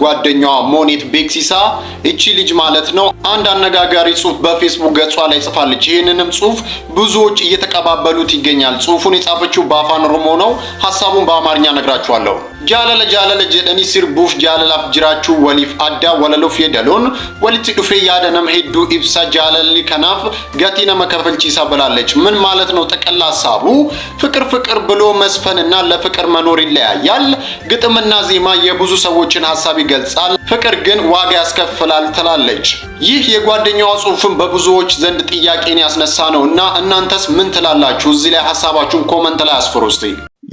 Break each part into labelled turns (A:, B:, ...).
A: ጓደኛዋ ሞኒት ቤክሲሳ እቺ ልጅ ማለት ነው አንድ አነጋጋሪ ጽሁፍ በፌስቡክ ገጿ ላይ ጽፋለች። ይህንንም ጽሁፍ ብዙዎች እየተቀባበሉት ይገኛል። ጽሁፉን የጻፈችው በአፋን ኦሮሞ ነው። ሀሳቡን በአማርኛ ነግራችኋለሁ። jaalala jaalala jedhanii sirbuuf jaalalaaf jiraachuu waliif addaa walaluuf yedaluun walitti dhufee yaada nama hedduu ibsa jaalalli kanaaf gatii nama ከፍልቺሳ ብላለች። ምን ማለት ነው? ጠቅላላ ሀሳቡ ፍቅር ፍቅር ብሎ መስፈንና ለፍቅር መኖር ይለያያል። ግጥምና ዜማ የብዙ ሰዎችን ሀሳብ ይገልጻል፣ ፍቅር ግን ዋጋ ያስከፍላል ትላለች። ይህ የጓደኛዋ ጽሑፍን በብዙዎች ዘንድ ጥያቄን ያስነሳ ነው እና እናንተስ ምን ትላላችሁ? እዚህ ላይ ሀሳባችሁን ኮመንት ላይ አስፍሩ እስቲ።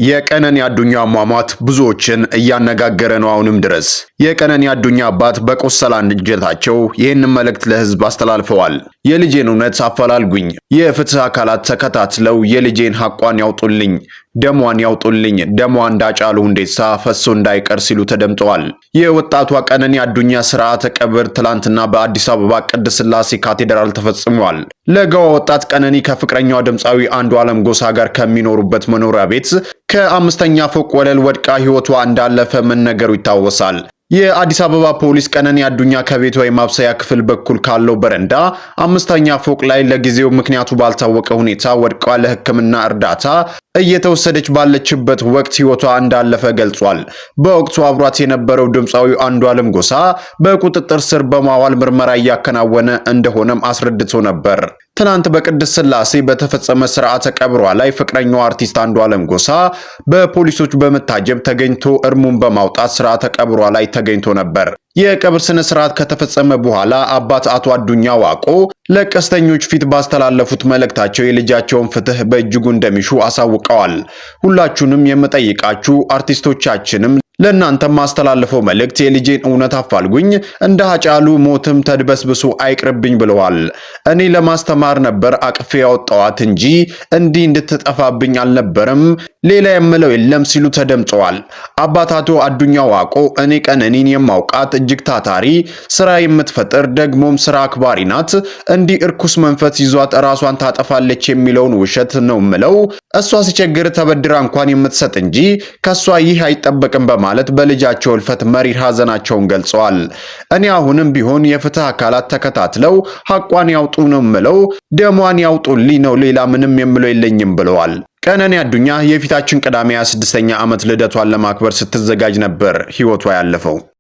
B: የቀነኒ አዱኛ አሟሟት ብዙዎችን እያነጋገረ ነው አሁንም ድረስ። የቀነኒ አዱኛ አባት በቆሰላ አንጀታቸው ይህንን መልእክት ለህዝብ አስተላልፈዋል። የልጄን እውነት አፈላልጉኝ። የፍትህ አካላት ተከታትለው የልጄን ሐቋን ያውጡልኝ፣ ደሟን ያውጡልኝ፣ ደሟ እንዳጫሉ ሁንዴሳ ፈሶ እንዳይቀር ሲሉ ተደምጠዋል። የወጣቷ ቀነኒ አዱኛ ስርዓተ ቀብር ትላንትና በአዲስ አበባ ቅድስት ሥላሴ ካቴድራል ተፈጽሟል። ለጋዋ ወጣት ቀነኒ ከፍቅረኛዋ ድምፃዊ አንዱ ዓለም ጎሳ ጋር ከሚኖሩበት መኖሪያ ቤት ከአምስተኛ ፎቅ ወለል ወድቃ ሕይወቷ እንዳለፈ መነገሩ ይታወሳል። የአዲስ አበባ ፖሊስ ቀነኒ አዱኛ ከቤቷ የማብሰያ ክፍል በኩል ካለው በረንዳ አምስተኛ ፎቅ ላይ ለጊዜው ምክንያቱ ባልታወቀ ሁኔታ ወድቋ ለሕክምና እርዳታ እየተወሰደች ባለችበት ወቅት ሕይወቷ እንዳለፈ ገልጿል። በወቅቱ አብሯት የነበረው ድምፃዊ አንዷለም ጎሳ በቁጥጥር ስር በማዋል ምርመራ እያከናወነ እንደሆነም አስረድቶ ነበር። ትናንት በቅድስት ስላሴ በተፈጸመ ስርዓተ ቀብሯ ላይ ፍቅረኛው አርቲስት አንዷለም ጎሳ በፖሊሶች በመታጀብ ተገኝቶ እርሙን በማውጣት ስርዓተ ቀብሯ ላይ ተገኝቶ ነበር። የቀብር ስነ ስርዓት ከተፈጸመ በኋላ አባት አቶ አዱኛ ዋቆ ለቀስተኞች ፊት ባስተላለፉት መልእክታቸው የልጃቸውን ፍትህ በእጅጉ እንደሚሹ አሳውቀዋል። ሁላችሁንም የምጠይቃችሁ አርቲስቶቻችንም ለእናንተም ማስተላልፈው መልእክት የልጄን እውነት አፋልጉኝ፣ እንደ ሀጫሉ ሞትም ተድበስብሶ አይቅርብኝ ብለዋል። እኔ ለማስተማር ነበር አቅፌ ያወጣዋት እንጂ እንዲህ እንድትጠፋብኝ አልነበረም። ሌላ የምለው የለም ሲሉ ተደምጠዋል። አባት አቶ አዱኛ ዋቆ እኔ ቀነኒን የማውቃት እጅግ ታታሪ ስራ የምትፈጥር ደግሞም ስራ አክባሪ ናት። እንዲህ እርኩስ መንፈስ ይዟት ራሷን ታጠፋለች የሚለውን ውሸት ነው ምለው። እሷ ሲቸግር ተበድራ እንኳን የምትሰጥ እንጂ ከእሷ ይህ አይጠበቅም በማለት በልጃቸው እልፈት መሪር ሀዘናቸውን ገልጸዋል። እኔ አሁንም ቢሆን የፍትህ አካላት ተከታትለው ሐቋን ያውጡ ነው ምለው። ደሟን ያውጡልኝ ነው ሌላ ምንም የምለው የለኝም ብለዋል። ቀነኒ አዱኛ የፊታችን ቅዳሜ 26ኛ ዓመት ልደቷን ለማክበር ስትዘጋጅ ነበር ህይወቷ ያለፈው።